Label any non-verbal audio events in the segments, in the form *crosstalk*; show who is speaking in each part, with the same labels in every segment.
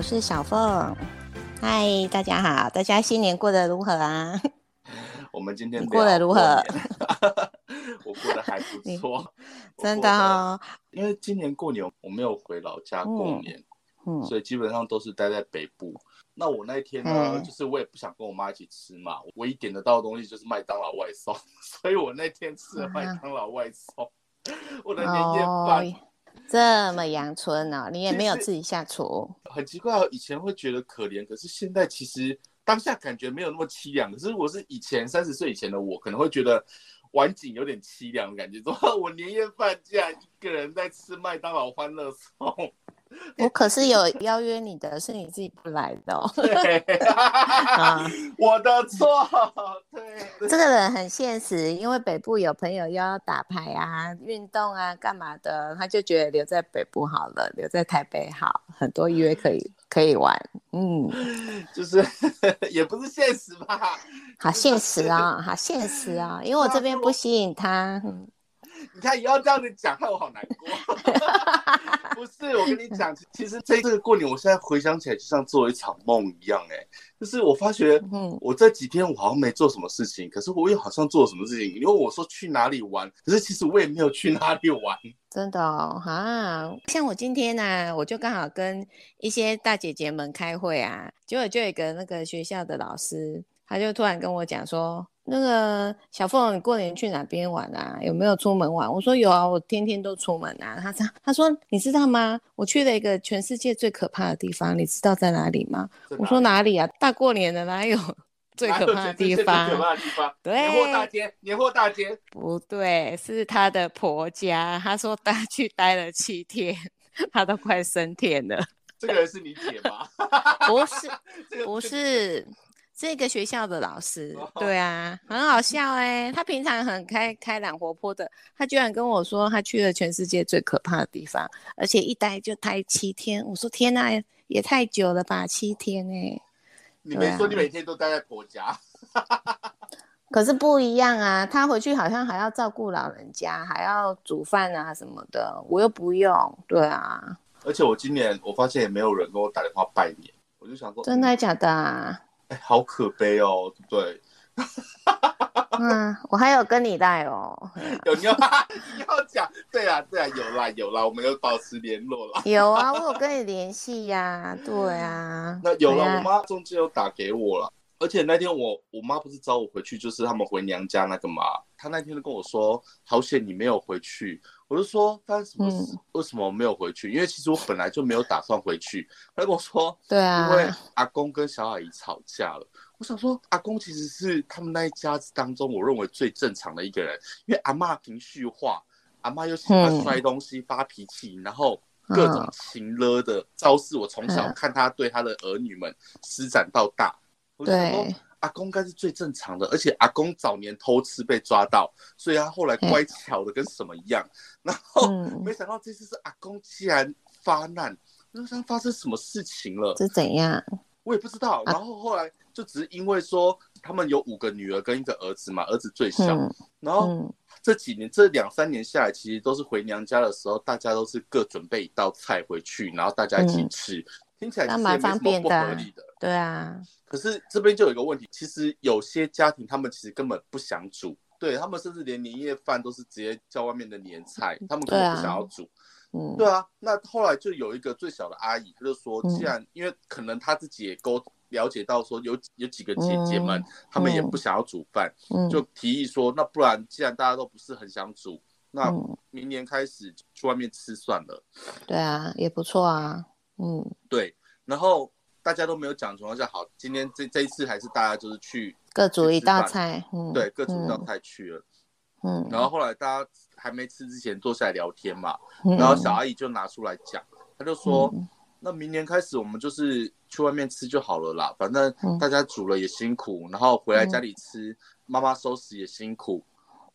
Speaker 1: 我是小鳳，嗨，大家好，大家新年過得如何啊？
Speaker 2: 我們今天過，過得如何？ *laughs* 我過得還不錯， *laughs* 真的哦。因為今年過年我沒有回老家過年，嗯，嗯，所以基本上都是待在北部。那我那天呢，嗯、就是我也不想跟我媽一起吃嘛，我唯一點得到的東西就是麥當勞外送，所以我那天吃了麥當勞外送，啊、 *laughs* 我的年夜飯。哦
Speaker 1: 這麼陽春呢、啊？你也沒有自己下廚。
Speaker 2: 很奇怪，以前會覺得可憐，可是現在其實當下感覺沒有那麼淒涼。可是我是以前三十歲以前的我，可能會覺得晚景有點淒涼的感覺，說：我年夜飯竟然一個人在吃麥當勞歡樂送。
Speaker 1: *laughs* 我可是有邀約你的，是你自己不來的哦。
Speaker 2: 啊，我的錯。對，對
Speaker 1: 這個人很現實，因為北部有朋友要打牌啊、運動啊、幹嘛的，他就覺得留在北部好了，留在台北好，很多約可以可以玩。嗯， *laughs*
Speaker 2: 就是也不是現實吧？
Speaker 1: 好現實啊、哦，好現實啊、哦，因為我這邊不吸
Speaker 2: 引他。嗯 *laughs* 你看，你要這樣子講，害我好難過。 *laughs* 不是，我跟你講，其實這個過年，我現在回想起來，就像做了一場夢一樣、欸。哎，就是我發覺，嗯，我這幾天我好像沒做什麼事情，可是我又好像做了什麼事情。因為我說去哪裡玩，可是其實我也沒有去哪裡玩。
Speaker 1: 真的哦、啊，像我今天呢、啊，我就剛好跟一些大姐姐們開會啊，結果就有一個那個學校的老師。他就突然跟我講說：“那個小鳳，你過年去哪邊玩啊？有沒有出門玩？”我說：“有啊，我天天都出門啊。他”他他說：“你知道嗎？我去了一個全世界最可怕的地方，你知道在哪裡嗎？”裡我說：“哪裡啊？大過年的哪有最可怕的地方？”可怕的地方
Speaker 2: 對，年貨大街，年貨大街。
Speaker 1: 不對，是他的婆家。他說他去待了七天，他都快升天了。這個人是你姐嗎？不 *laughs* 是，不是。這個學校的老師，oh. 對啊，很好笑哎、欸。他平常很開開朗活潑的，他居然跟我說他去了全世界最可怕的地方，而且一待就待七天。我說天啊，也太久了吧，七天哎、欸！你沒說，你每天
Speaker 2: 都待在婆家，
Speaker 1: 啊、 *laughs* 可是不一樣啊。他回去好像還要照顧老人家，還要煮飯啊什麼的，我又不用，對啊。
Speaker 2: 而且我今年我發現也沒有人跟我打電話拜年，我就想說，
Speaker 1: 嗯、真的假的啊。
Speaker 2: 哎、欸，好可悲哦，對、 *laughs*
Speaker 1: 嗯、我還有跟你帶哦。啊、 *laughs* 有
Speaker 2: 你要你要講，對啊，對啊有啦有啦，有啦 *laughs* 我們有保持聯絡啦。有
Speaker 1: 啊，我有跟你聯繫呀、啊， *laughs* 對啊。那有了，我媽
Speaker 2: 呀中間有打給我了，而且那天我我媽不是找我回去，就是他們回娘家那個嘛。她那天都跟我說，好險你沒有回去。我就說，他、嗯、為什麼沒有回去？因為其實我本來就沒有打算回去。他跟我說，對啊，因為阿公跟小阿姨吵架了。我想說，阿公其實是他們那一家子當中，我認為最正常的一個人。因為阿媽情緒化，阿媽又喜歡摔東西、發脾氣，嗯、然後各種情勒的招式，嗯、我從小看他對他的兒女們施展到大。對、嗯。阿公應該是最正常的，而且阿公早年偷吃被抓到，所以他後來乖巧的跟什麼一樣。欸、然後、嗯、沒想到這次是阿公竟然發難，那發生什麼事情了？是怎樣？我也不知道。然後後來就只是因為說、啊、他們有五個女兒跟一個兒子嘛，兒子最小。嗯、然後、嗯、這幾年這兩三年下來，其實都是回娘家的時候，大家都是各準備一道菜回去，然後大家一起吃。嗯聽起來不合理蠻方便的，
Speaker 1: 對啊。
Speaker 2: 可是這邊就有一個問題，其實有些家庭他們其實根本不想煮，對他們甚至連年夜飯都是直接叫外面的年菜，他們可能不想要煮。啊、嗯，對啊。那後來就有一個最小的阿姨，她就說，既然、嗯、因為可能她自己也溝了解到說有有幾個姐姐們，他、嗯、們也不想要煮飯，嗯、就提議說，那不然既然大家都不是很想煮，嗯、那明年開始去外面吃算了。對啊，
Speaker 1: 也不錯啊。嗯，
Speaker 2: 對，然後大家都沒有講的情況下，好，今天這這一次還是大家就是去
Speaker 1: 各煮一道菜，對，各煮一道
Speaker 2: 菜去了，嗯，然後後來大家還沒吃之前坐下來聊天嘛，然後小阿姨就拿出來講，她就說，那明年開始我們就是去外面吃就好了啦，反正大家煮了也辛苦，然後回來家裡吃，媽媽收拾也辛苦，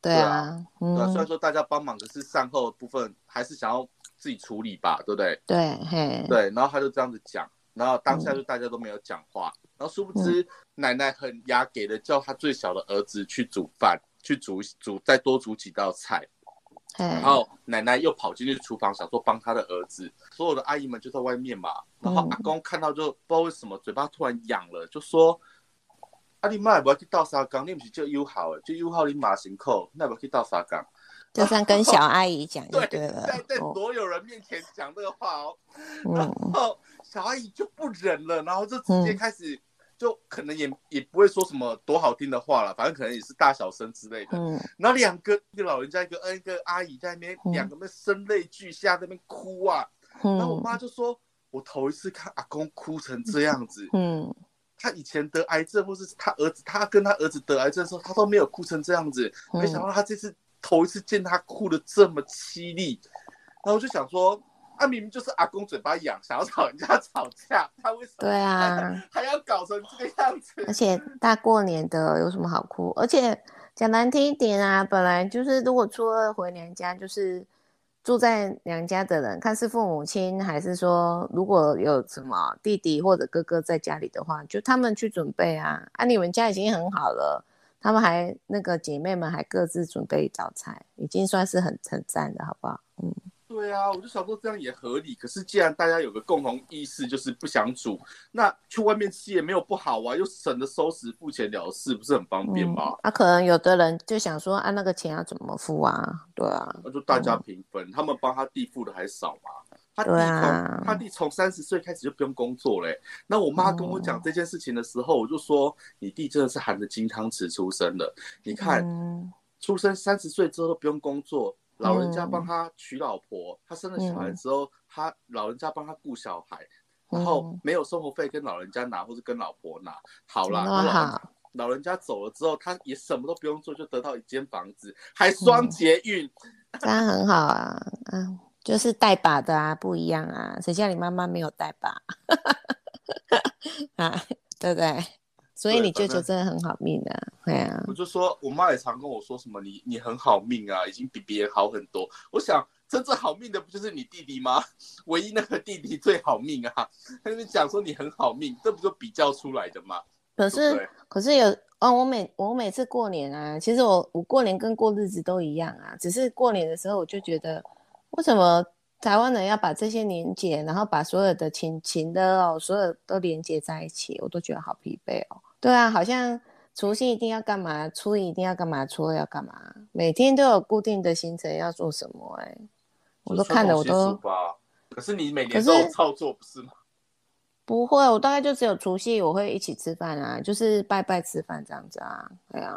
Speaker 2: 對啊，對啊，雖然說大家幫忙，可是善後的部分還是想要。自己處理吧，對不對？對，對。然後他就這樣子講，然後當下就大家都沒有講話。嗯、然後殊不知，嗯、奶奶很雅給的叫他最小的兒子去煮飯，去煮煮，煮再多煮幾道菜。
Speaker 1: 嗯、然後
Speaker 2: 奶奶又跑進去廚房，想說幫他的兒子。所有的阿姨們就在外面嘛。然後阿公看到就不知道為什麼嘴巴突然癢了，就說：“阿媽、嗯，啊、媽，不要去倒沙缸，你不是，這又好，就又好，你馬行扣，那不要去倒沙缸。”就算跟小
Speaker 1: 阿姨講，對對、
Speaker 2: 啊、對，在在所有人面前講這個話哦，哦然後小阿姨就不忍了，然後就直接開始，就可能也、嗯、也不會說什麼多好聽的話了，反正可能也是大小聲之類的。嗯，然後，兩個一個老人家，一個嗯一個阿姨在那邊，嗯、兩個都聲淚俱下在那邊哭啊。嗯、然後我媽就說，嗯、我頭一次看阿公哭成這樣子。嗯，嗯他以前得癌症或是他兒子，他跟他兒子得癌症的時候，他都沒有哭成這樣子，沒想到他這次。頭一次見他哭的這麼淒厲，然後我就想說，他、啊、明明就是阿公嘴巴癢，想要吵人家吵架，他為什麼對啊還要搞成這個樣子？而且
Speaker 1: 大過年的有什麼好哭？而且講難聽一點啊，本來就是如果初二回娘家，就是住在娘家的人，看是父母親還是說如果有什麼弟弟或者哥哥在家裡的話，就他們去準備啊。啊，你們家已經很好了。他們還那個姐妹們還各自準備一道菜，已經算是很稱讚的。好不好？嗯，
Speaker 2: 對啊，我就想說這樣也合理。可是既然大家有個共同意識，就是不想煮，那去外面吃也沒有不好啊，又省得收拾，付錢了事，不是很方便嗎？那、
Speaker 1: 嗯啊、可能有的人就想說啊，那個錢要怎麼付啊？對啊，那就
Speaker 2: 大家平分，嗯、他們幫他弟付的還少嗎？他弟，他弟從三十歲開始就不用工作嘞。那我媽跟我講這件事情的時候，我就說你弟真的是含着金湯匙出生的。你看，出生三十歲之後不用工作，老人家幫他娶老婆，他生了小孩之後，他老人家幫他顧小孩，然後沒有生活費跟老人家拿或是跟老婆拿。好了，老人家走了之後，他也什麼都不用做，就得到一間房子，還雙節運，
Speaker 1: 這樣很好啊，嗯。就是帶把的啊，不一樣啊。誰叫你媽媽沒有帶把 *laughs* 啊？對不對？對，所以你舅舅正真的很好命的，啊。對啊，
Speaker 2: 我就說我媽也常跟我說什麼，你你很好命啊，已經比別人好很多。我想真正好命的不就是你弟弟嗎？唯一那個弟弟最好命啊。他就講說你很好命，這不就比較出來的嗎？
Speaker 1: 可是對對可是有哦，我每我每次過年啊，其實我我過年跟過日子都一樣啊，只是過年的時候我就覺得。為什麼台灣人要把這些連接，然後把所有的親情的哦，所有都連接在一起？我都覺得好疲憊哦。對啊，好像除夕一定要幹嘛，初一一定要幹嘛，初二要幹嘛，每天都有固定的行程要做什麼、欸？哎，我都看了我都。
Speaker 2: 可是你每年都操作不是嗎？
Speaker 1: 不會，我大概就只有除夕我會一起吃飯啊，就是拜拜吃飯這樣子啊，對啊。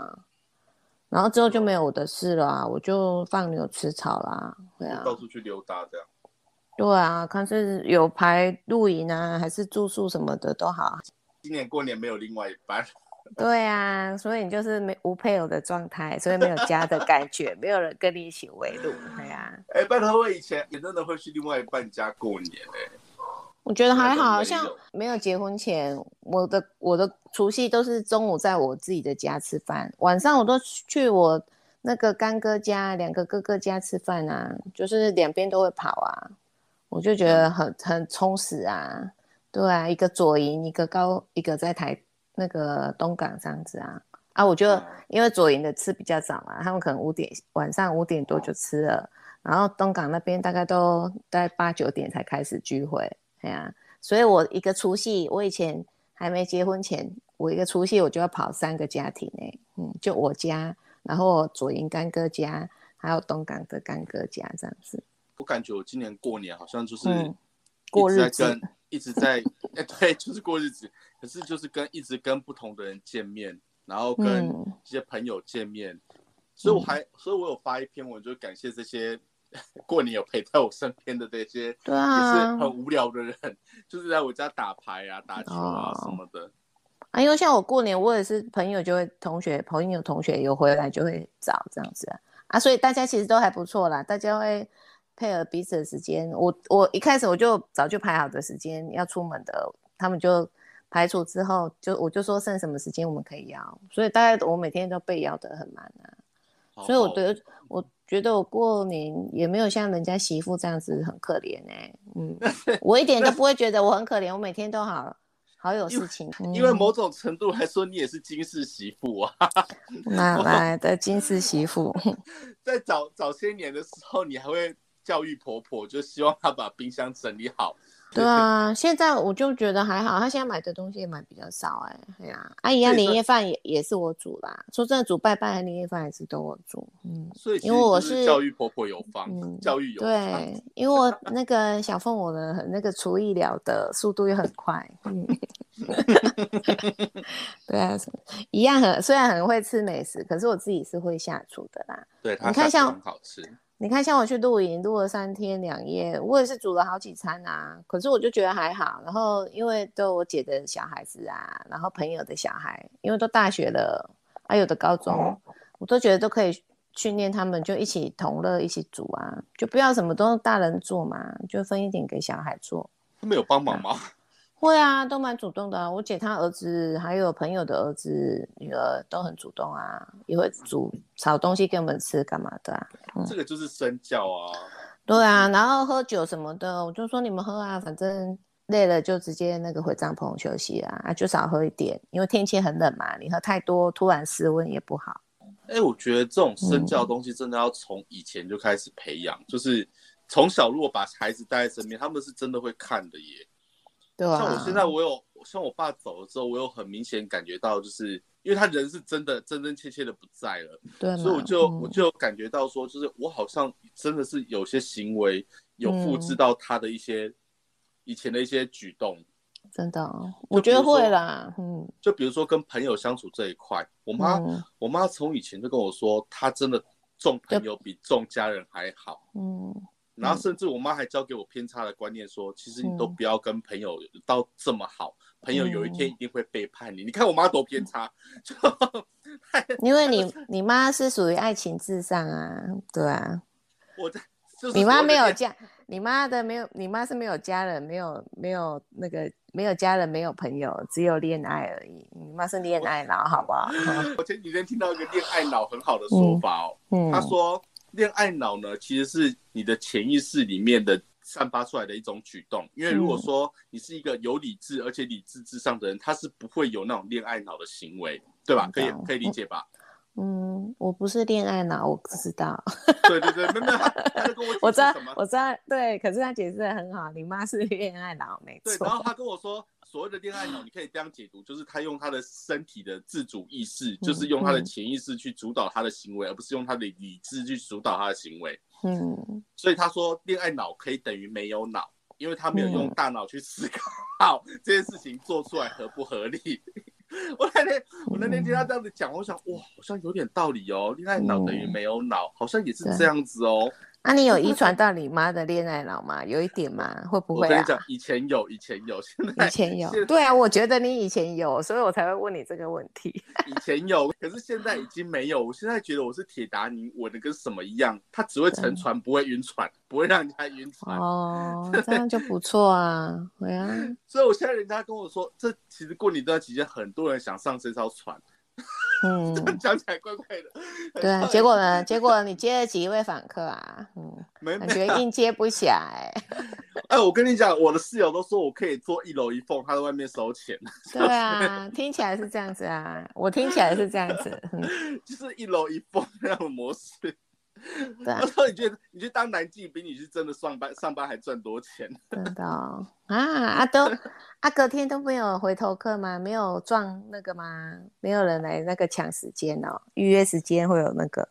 Speaker 1: 然後之後就沒有我的事了啊，對我就放牛吃草啦，會啊，啊
Speaker 2: 到處去溜達這
Speaker 1: 樣。對啊，看是有排露營啊，還是住宿什麼的都好。
Speaker 2: 今年過年沒有另外一半。
Speaker 1: 對啊，所以你就是沒無配偶的狀態， *laughs* 所以沒有家的感覺， *laughs* 沒有人跟你一起圍爐，
Speaker 2: 對啊。哎，拜託，我以前也真的會去另外一半家過年哎，欸。
Speaker 1: 我覺得還好像沒有結婚前，我的我的除夕都是中午在我自己的家吃飯，晚上我都去我那個乾哥家、兩個哥哥家吃飯啊，就是兩邊都會跑啊，我就覺得很、嗯、很充實啊，對啊，一個左營，一個高，一個在台那個東港這樣子啊，啊，我就、嗯、因為左營的吃比較早嘛、啊，他們可能五點晚上五點多就吃了，然後東港那邊大概都在八九點才開始聚會。對啊，所以我一個除夕，我以前還沒結婚前，我一個除夕我就要跑三個家庭嘞、欸，嗯，就我家，然後左營乾哥家，還有東港的乾哥家這樣子。
Speaker 2: 我感覺我今年過年好像就是、嗯、過日子，一直在，哎、 *laughs* 欸，對，就是過日子。可是就是跟一直跟不同的人見面，然後跟一些朋友見面，嗯、所以我還，所以我有發一篇文，就感謝這些。過年有陪在我身邊的這些，對啊，啊，就是很無聊的人，就是在我家打牌啊，打球啊，哦，
Speaker 1: 什麼的。啊。因為像我過年，我也是朋友就會同學，朋友同學有回來就會找這樣子啊，啊所以大家其實都還不錯啦，大家會配合彼此的時間。我我一開始我就早就排好的時間要出門的，他們就排除之後，就我就說剩什麼時間我們可以邀，所以大家我每天都被邀得很滿啊，好好所以我覺得我。覺得我過年也沒有像人家媳婦這樣子很可憐，欸，嗯， *laughs* 我一點都不會覺得我很可憐， *laughs* 我每天都好好有事情。因為，嗯，因為某種程度來
Speaker 2: 說，你也是金氏媳婦啊，奶奶，
Speaker 1: 嗯，的金氏媳婦。
Speaker 2: *laughs* 在早早些年的時候，你還會教育婆婆，就希望她把冰箱整理好。對啊，
Speaker 1: 現在我就覺得還好，他現在買的東西也買比較少，哎，哎呀，阿姨年夜飯也也是我煮啦，說真的，煮拜拜和年夜飯也是都我煮，嗯，所
Speaker 2: 以因為我是教育婆婆有方，嗯，教育有
Speaker 1: 方，對，因為我那個小鳳，我的那個廚藝了得，速度又很快，嗯，對啊，一樣很，雖然很會吃美食，可是我自己是會下廚的啦，
Speaker 2: 對，你看像很
Speaker 1: 好吃。你看，像我去露營，露了三天兩夜，我也是煮了好幾餐啊。可是我就覺得還好。然後因為都我姐的小孩子啊，然後朋友的小孩，因為都大學了，還、啊、有的高中，我都覺得都可以訓練他們，就一起同樂，一起煮啊，就不要什麼都大人做嘛，就分一點給小孩
Speaker 2: 做。他們有幫忙嗎？啊
Speaker 1: 會啊，都蠻主動的、啊。我姐她兒子，還有朋友的兒子、女兒都很主動啊，也會煮炒東西給我們吃，幹嘛的啊。嗯、
Speaker 2: 這個就是身教啊。
Speaker 1: 對啊，然後喝酒什麼的，我就說你們喝啊，反正累了就直接那個回帳篷休息啊，啊就少喝一點，因為天氣很冷嘛，你喝太多突然失溫也不好。
Speaker 2: 哎、欸，我覺得這種身教的東西真的要從以前就開始培養，嗯、就是從小如果把孩子帶在身邊，他們是真的會看的耶。像我現在，我有像我爸走了之後，我有很明顯感覺到，就是因為他人是真的真真切切的不在了，對，所以我就我就感覺到說，就是我好像真的是有些行為有複製到他的一些以前的一些舉動，真的，我覺得會啦，嗯，就比如說跟朋友相處這一塊，我媽我媽從以前就跟我說，她真的重朋友比重家人還好，嗯。然後甚至我媽還教給我偏差的觀念說，說其實你都不要跟朋友到這麼好，嗯、朋友有一天一定會背叛你。嗯、你看我媽多偏差，
Speaker 1: 因為你你媽是屬於愛情至上啊，對啊，我在、就
Speaker 2: 是、
Speaker 1: 你媽沒有家，你媽的沒有，你媽是沒有家人，沒有沒有那個沒有家人，沒有朋友，只有戀愛而已。你媽是戀愛腦，我好不好？ *laughs* 我
Speaker 2: 前幾天聽到一個戀愛腦很好的說法哦，他、嗯嗯、說。戀愛腦呢，其實是你的潛意識裡面的散發出來的一種舉動。因為如果說你是一個有理智、嗯、而且理智至上的人，他是不會有那種戀愛腦的行為，對吧？可以、嗯、可以理解吧？嗯，
Speaker 1: 我不是戀愛腦，我不知道。 *laughs* 對
Speaker 2: 對對，沒有，他跟我解釋什麼？我知道，我知道。
Speaker 1: 對，可是他解釋的很好，你媽是
Speaker 2: 戀愛腦，沒錯。對，然後他跟我說。所謂的戀愛腦，你可以這樣解讀，就是他用他的身體的自主意識，就是用他的潛意識去主導他的行為，而不是用他的理智去主導他的行為。嗯，所以他說戀愛腦可以等於沒有腦，因為他沒有用大腦去思考這件事情做出來合不合理。我那天，我那天聽他這樣子講，我想哇，好像有點道理哦，戀愛腦等於沒有腦，好像也是這樣子哦。那、啊、你有遺傳
Speaker 1: 到你媽的戀愛腦嗎？是不是有一點嗎？會不會、啊、我跟你
Speaker 2: 講，以前有，以前有，以前有。
Speaker 1: 在對啊，我覺得你以前有，所以我才會問你這
Speaker 2: 個問題。以前有，可是現在已經沒有。我現在覺得我是鐵達尼，穩的跟什麼一樣，他只會乘船，對不會暈船，不會讓人家暈船。哦，對這
Speaker 1: 樣就不錯啊！
Speaker 2: 對啊。所以我現在人家跟我說，這其實過年這段期間，很多人想上這條船。嗯，
Speaker 1: 講 *laughs* 起來怪怪的。嗯、對啊，結果呢？結果你接了幾位訪客啊？ *laughs* 嗯，沒
Speaker 2: 沒啊，感覺應
Speaker 1: 接不起來欸。
Speaker 2: 哎，我跟你講，我的室友都說我可以做一樓一鳳，他在外面收錢。對啊， *laughs*
Speaker 1: 聽起來是這樣子啊，我聽起來是這樣子，
Speaker 2: *laughs* 就是一樓一鳳那種模式。對啊，啊啊，你覺得你覺得當男妓比你是真的上班上班還賺多錢？
Speaker 1: 真的，哦、啊，阿東，阿，啊、隔天都沒有回頭客嗎？沒有撞那個嗎？沒有人來那個搶時間哦？預約時間會有那個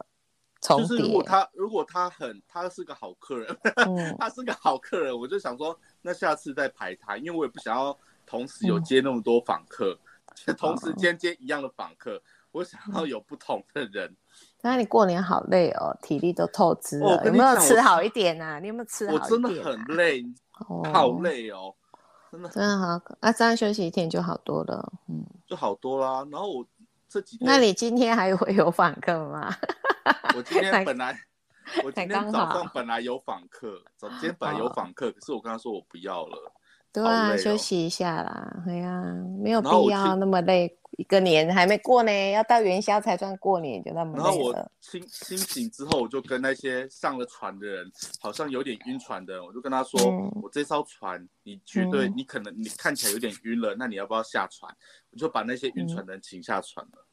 Speaker 1: 重疊，就是如果他，
Speaker 2: 如果他很，他是個好客人，嗯、 *laughs* 他是個好客人，我就想說，那下次再排他，因為我也不想要同時有接那麼多訪客，嗯，同時間接一樣的訪客，嗯，我想要有不同的人。嗯
Speaker 1: 那你過年好累哦，體力都透支了，哦、有沒有吃好
Speaker 2: 一點啊？我你有沒有吃好一點、啊？我真的很累，很好累哦，哦
Speaker 1: 真的很真的好。啊，這樣休息一天就好多了，嗯，
Speaker 2: 就好多啦。然後我這幾天，那你
Speaker 1: 今天還會有訪客嗎？我
Speaker 2: 今天本來， *laughs* 乃我今天早上本來有訪客，早今天本來有訪客，哦、可是我跟他說我不要了。對啊，哦、休
Speaker 1: 息一下啦，哎呀、啊，沒有必要那麼累。一個年還沒過呢，要到元宵才算過年，就那麼累了。然後我
Speaker 2: 醒清醒之後，我就跟那些上了船的人，好像有點暈船的人，我就跟他說：“嗯、我這艘船，你絕對，你可能，你看起來有點暈了，嗯、那你要不要下船？”我就把那些暈船的人請下船了。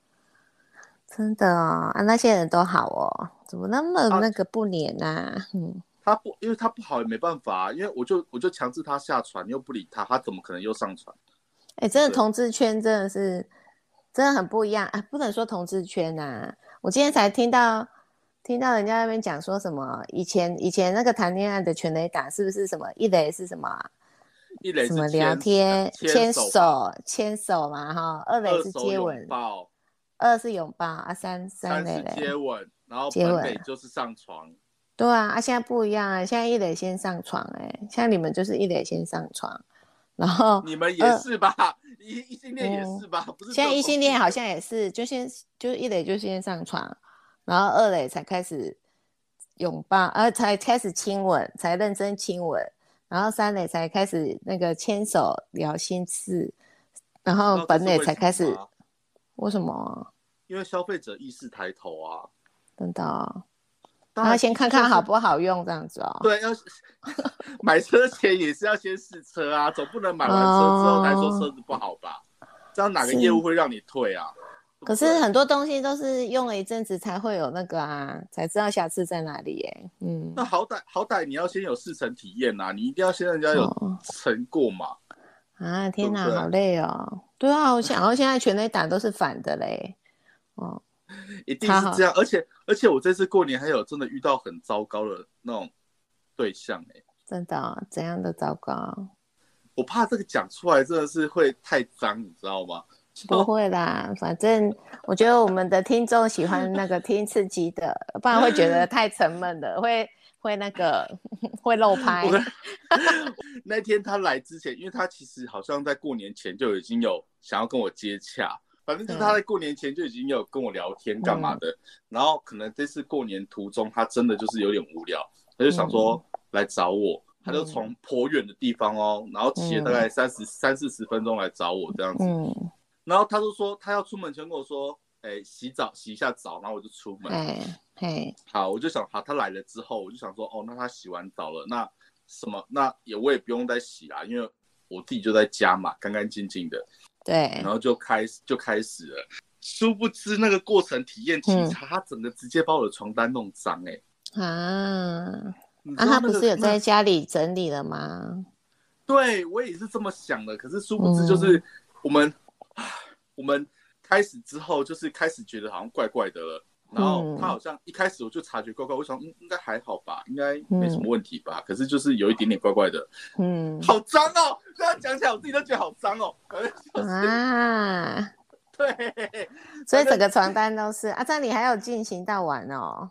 Speaker 1: 真的、哦、啊，那些人都好哦，怎麼那麼那個不粘吶、啊？啊、嗯。
Speaker 2: 他不，因為他不好也沒辦法啊。因為我就我就強制他下船，又不理他，他怎麼可能又上船？
Speaker 1: 哎、欸，真的同志圈真的是對真的很不一樣啊、欸！不能說同志圈啊，我今天才聽到聽到人家那邊講說什麼，以前以前那個談戀愛的全壘打是不是什麼一壘是什麼啊？一
Speaker 2: 壘什麼聊天牽、嗯、手
Speaker 1: 牽手嘛哈。二壘是接吻，二，抱二是擁抱啊，三三壘接吻，然
Speaker 2: 後本壘就是上床。
Speaker 1: 對啊，啊現在不一樣啊，現在一壘先上床，欸，哎，像你們就是一壘先上床，然後你們也是吧？呃、一異
Speaker 2: 性戀也是吧？嗯，不是。
Speaker 1: 現在異性戀好像也是，就先就一壘就先上床，然後二壘才開始擁抱，呃，才開始親吻，才認真親吻，然後三壘才開始那個牽手聊心事，然後本壘才開始。為什麼？
Speaker 2: 因為消費者意識抬頭啊。
Speaker 1: 真的那先看看好不好用，這樣子哦。啊就是、
Speaker 2: 對，要 *laughs* 買車前也是要先試車啊，總不能買完車之後再說車子不好吧？哦、這樣哪個業務會讓你退啊？是對
Speaker 1: 對，可是很多東西都是用了一陣子才會有那個啊，才知道瑕疵在哪裡、欸。哎，嗯，
Speaker 2: 那好歹好歹你要先有試乘體驗吶、啊，你一定要先讓人家有乘過嘛、
Speaker 1: 哦。啊，天哪，對對好累啊、哦！對啊，我想然後現在全內膽都是反的嘞， *laughs* 哦。
Speaker 2: 一定是這樣，好好，而且而且我這次過年還有真的遇到很糟糕的那種對象哎、
Speaker 1: 欸，真的、哦、怎樣的糟糕？
Speaker 2: 我怕這個講出來真的是會太髒，你知道嗎？
Speaker 1: 不會啦， *laughs* 反正我覺得我們的聽眾喜歡那個聽刺激的， *laughs* 不然會覺得太沉悶的，會會那個會漏拍
Speaker 2: 我。 *laughs* 那天他來之前，因為他其實好像在過年前就已經有想要跟我接洽。反正是他在過年前就已經有跟我聊天幹嘛的，嗯、然後可能這次過年途中他真的就是有點無聊，嗯、他就想說來找我，嗯、他就從頗遠的地方哦，然後騎了大概三十三四十分鐘來找我這樣子，嗯、然後他就說他要出門前跟我說，哎、欸，洗澡洗一下澡，然後我就出門，哎、嗯嗯、好，我就想好他，他來了之後，我就想說哦，那他洗完澡了，那什麼，那也我也不用再洗啦，因為我自己就在家嘛，干干淨淨的。對，然後就開始就開始了，殊不知那個過程體驗，其實、嗯、他整個直接把我的床單弄髒哎、
Speaker 1: 欸，啊，那個、啊他不是有在家裡整理了嗎？
Speaker 2: 對，我也是這麼想的，可是殊不知就是我們，嗯、我們開始之後就是開始覺得好像怪怪的了。然後他好像一開始我就察覺怪怪，嗯、我想應、嗯、應該還好吧，應該沒什麼問題吧，嗯、可是就是有一點點怪怪的。嗯，好髒哦！講起來我自己都覺得好髒哦。就是、
Speaker 1: 啊，
Speaker 2: 對，所以整個
Speaker 1: 床單都是。阿、啊、這裡還有進行到完哦？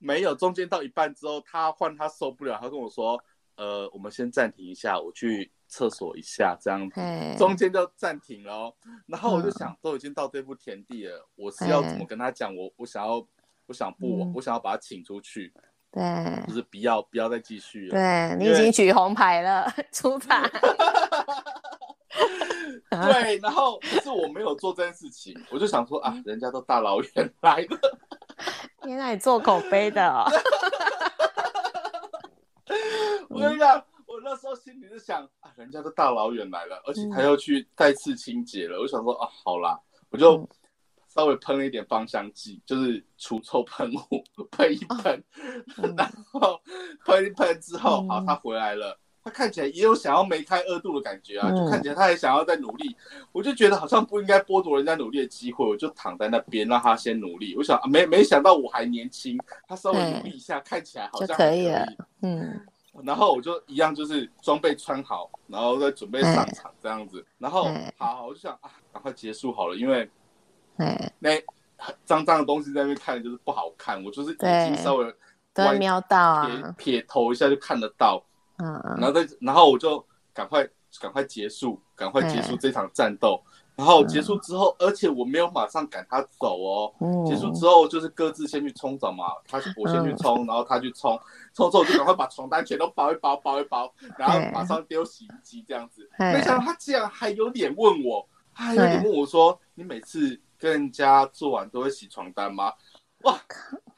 Speaker 2: 沒有，中間到一半之後，他換他受不了，他跟我說。呃，我們先暫停一下，我去廁所一下，這樣子，中間就暫停了。嘿然後我就想，都已經到這步田地了，嗯、我是要怎麼跟他講？我我想要，我想不，嗯、我想要把他請出去，對、嗯，就是不要不要再繼續了。對,對你已經舉紅
Speaker 1: 牌了，出發。
Speaker 2: *laughs* *laughs* 對，然後就是我沒有做這件事情，我就想說啊，人家都大老遠來的，
Speaker 1: 了， *laughs* 天哪，你做口碑的、哦。 *laughs*
Speaker 2: 對呀， *laughs* 我那時候心裡就想啊，人家都大老遠來了，而且他又去再次清潔了。嗯、我想說啊，好啦，我就稍微噴了一點芳香劑，嗯、就是除臭噴霧，噴一噴。嗯、然後噴一噴之後，好，他回來了，嗯、他看起來也有想要梅開二度的感覺啊，嗯、就看起來他也想要再努力。我就覺得好像不應該剝奪人家努力的機會，我就躺在那邊讓他先努力。我想、啊、沒沒想到我還年輕，他稍微努力一下，對看起來好像可以，嗯。然後我就一樣，就是裝備穿好，然後再準備上場這樣子。嘿然後嘿好，好，我就想啊，趕快結束好了，因為那髒髒的東西在那邊看就是不好看。對我就是已經稍微對，瞄到，啊，撇撇頭一下就看得到。嗯嗯，然後再然後我就趕快趕快結束，趕快結束這場戰鬥。然後結束之後，嗯、而且我沒有馬上趕他走哦。嗯、結束之後就是各自先去沖澡嘛。他是我先去沖，嗯、然後他去沖，沖之後就趕快把床單全都包一包包一包， *laughs* 然後馬上丟洗衣機這樣子。對沒想到他竟然還有臉問我，他還有臉問我說，對你每次跟人家做完都會洗床單嗎？哇，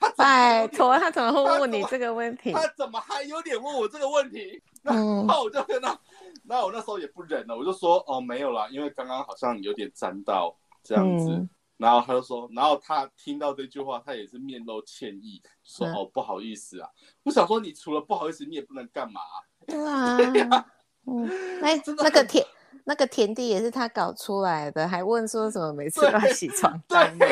Speaker 2: 他拜托，哎、他，怎他怎麼會問你這個問題他？他怎麼還有臉問我這個問題？那、 *laughs* 嗯、我就跟他。那我那時候也不忍了，我就說哦，沒有啦，因為剛剛好像有點沾到這樣子，嗯、然後他就說，然後他聽到這句話，他也是面露歉意，說、嗯、哦，不好意思啊。我想說你除了不好意思，你也不能幹嘛、啊。啊 *laughs* 對啊，
Speaker 1: 嗯欸、的那個田 *laughs* 那個田地也是他搞出來的，還問說什麼每次事後都要
Speaker 2: 洗床單嘛？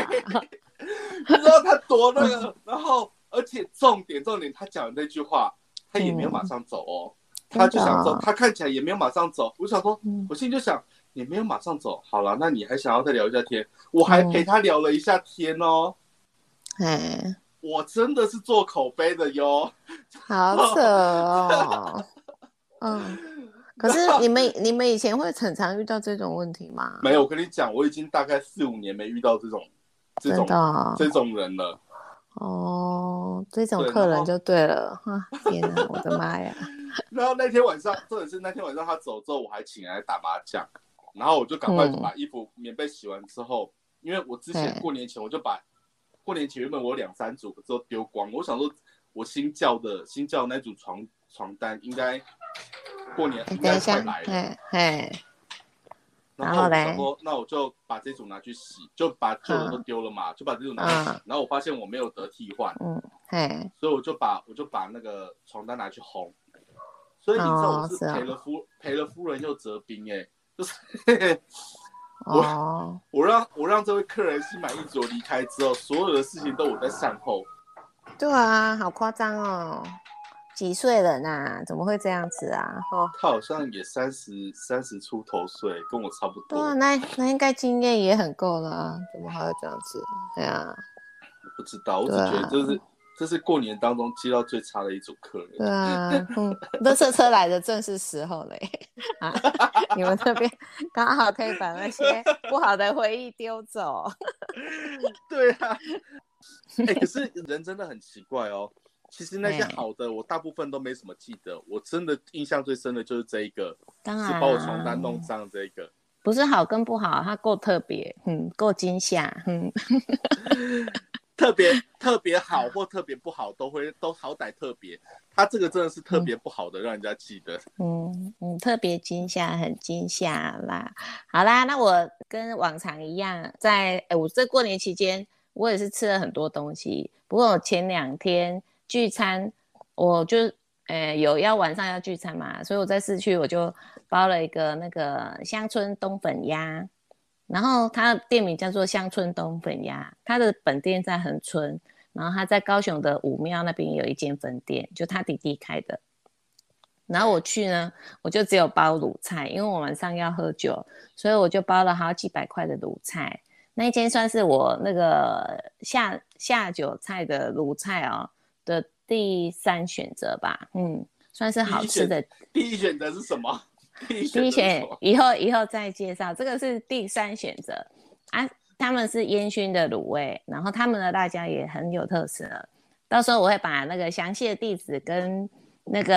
Speaker 2: 你知道他多那個，然後而且重點重點，他講的那句話，他也沒有馬上走哦。嗯
Speaker 1: 哦、他就想走，他
Speaker 2: 看起來也沒有馬上走。我想說，我心裡就想，也沒有馬上走，好了，那你還想要再聊一下天，我還陪他聊了一下天哦。哎、嗯，我真的是做口碑的喲。
Speaker 1: 好扯哦。 *laughs* 嗯， *laughs* 可是你們你們以前會很常遇到這種問題嗎、嗯？
Speaker 2: 沒有，我跟你講，我已經大概四五年沒遇到這種
Speaker 1: 這種真的、哦、這種人了。哦，這種客人就對了哈、嗯啊！天哪，我的媽呀、啊！ *laughs*
Speaker 2: *laughs* 然後那天晚上，或者是那天晚上，他走之後，我還請來打麻將。然後我就趕快就把衣服、棉被洗完之後，嗯、因為我之前過年前我就把嘿過年前原本我有兩三組，都丟光。我想說，我新叫的新叫的那組床床單應該過年應該會來。對對。然後嘞，那我就把這組拿去洗，就把舊的都丟了嘛，好就把這組拿去洗。嗯、然後我發現我沒有得替換。嗯。所以我就把我就把那個床單拿去烘。
Speaker 1: 所以你說我是賠了
Speaker 2: 夫賠、oh, 啊、了夫人又折兵哎、欸，就是哦。 *laughs* 我, oh. 我讓我讓這位客人心滿意足離開之後，所有的事情都有在善後。
Speaker 1: 對啊，好誇張哦！幾歲了呢？怎麼會這樣子啊？哦、
Speaker 2: oh.，他好像也三十三十出頭歲，跟我差不多。對啊，
Speaker 1: 那那應該經驗也很夠了，
Speaker 2: 怎麼還會這樣子？對啊，我不知道，我只覺得就是。這是過年當中接到最差的一組客人。
Speaker 1: 對、啊、嗯，這 *laughs* 車來的正是時候嘞，啊， *laughs* 你們這邊剛好可以把那些不好的回憶丟走。嗯、
Speaker 2: 對啊、欸，可是人真的很奇怪哦。 *laughs* 其實那些好的，我大部分都沒什麼記得。哎、我真的印象最深的就是這一個，當然是把我床單弄髒這一個。
Speaker 1: 不是好跟不好，它夠特別，嗯，夠驚嚇，嗯。 *laughs*
Speaker 2: 特別特別好或特別不好都會，都好歹特別，他、啊、這個真的是特別不好的，嗯、讓人家記得。
Speaker 1: 嗯嗯，特別驚嚇，很驚嚇啦。好啦，那我跟往常一樣，在、欸、我這過年期間我也是吃了很多東西，不過我前兩天聚餐，我就、欸、有要晚上要聚餐嘛，所以我在市區我就包了一個那個鄉村冬粉鴨。然後他的店名叫做鄉村冬粉鴨，他的本店在恆春，然後他在高雄的武廟那邊有一間分店，就他弟弟開的。然後我去呢，我就只有包滷菜，因為我晚上要喝酒，所以我就包了好幾百塊的滷菜。那一間算是我那個下下酒菜的滷菜哦的第三選擇吧，嗯，算是好吃的。
Speaker 2: 第一，第一選擇是什麼？
Speaker 1: 第一選以，以後以後再介紹，這個是第三選擇啊。他們是煙燻的滷味，然後他們的辣椒也很有特色。到時候我會把那個詳細的地址跟那個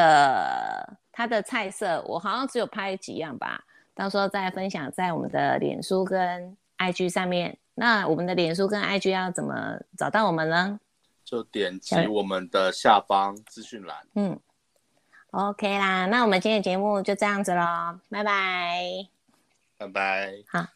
Speaker 1: 他的菜色，我好像只有拍幾樣吧，到時候再分享在我們的臉書跟 IG 上面。那我們的臉書跟 IG 要怎麼找到我們呢？
Speaker 2: 就點擊我們的下方資訊欄，
Speaker 1: 嗯。OK 啦，那我們今天的節目就這樣子嘍，拜拜，
Speaker 2: 拜拜，好。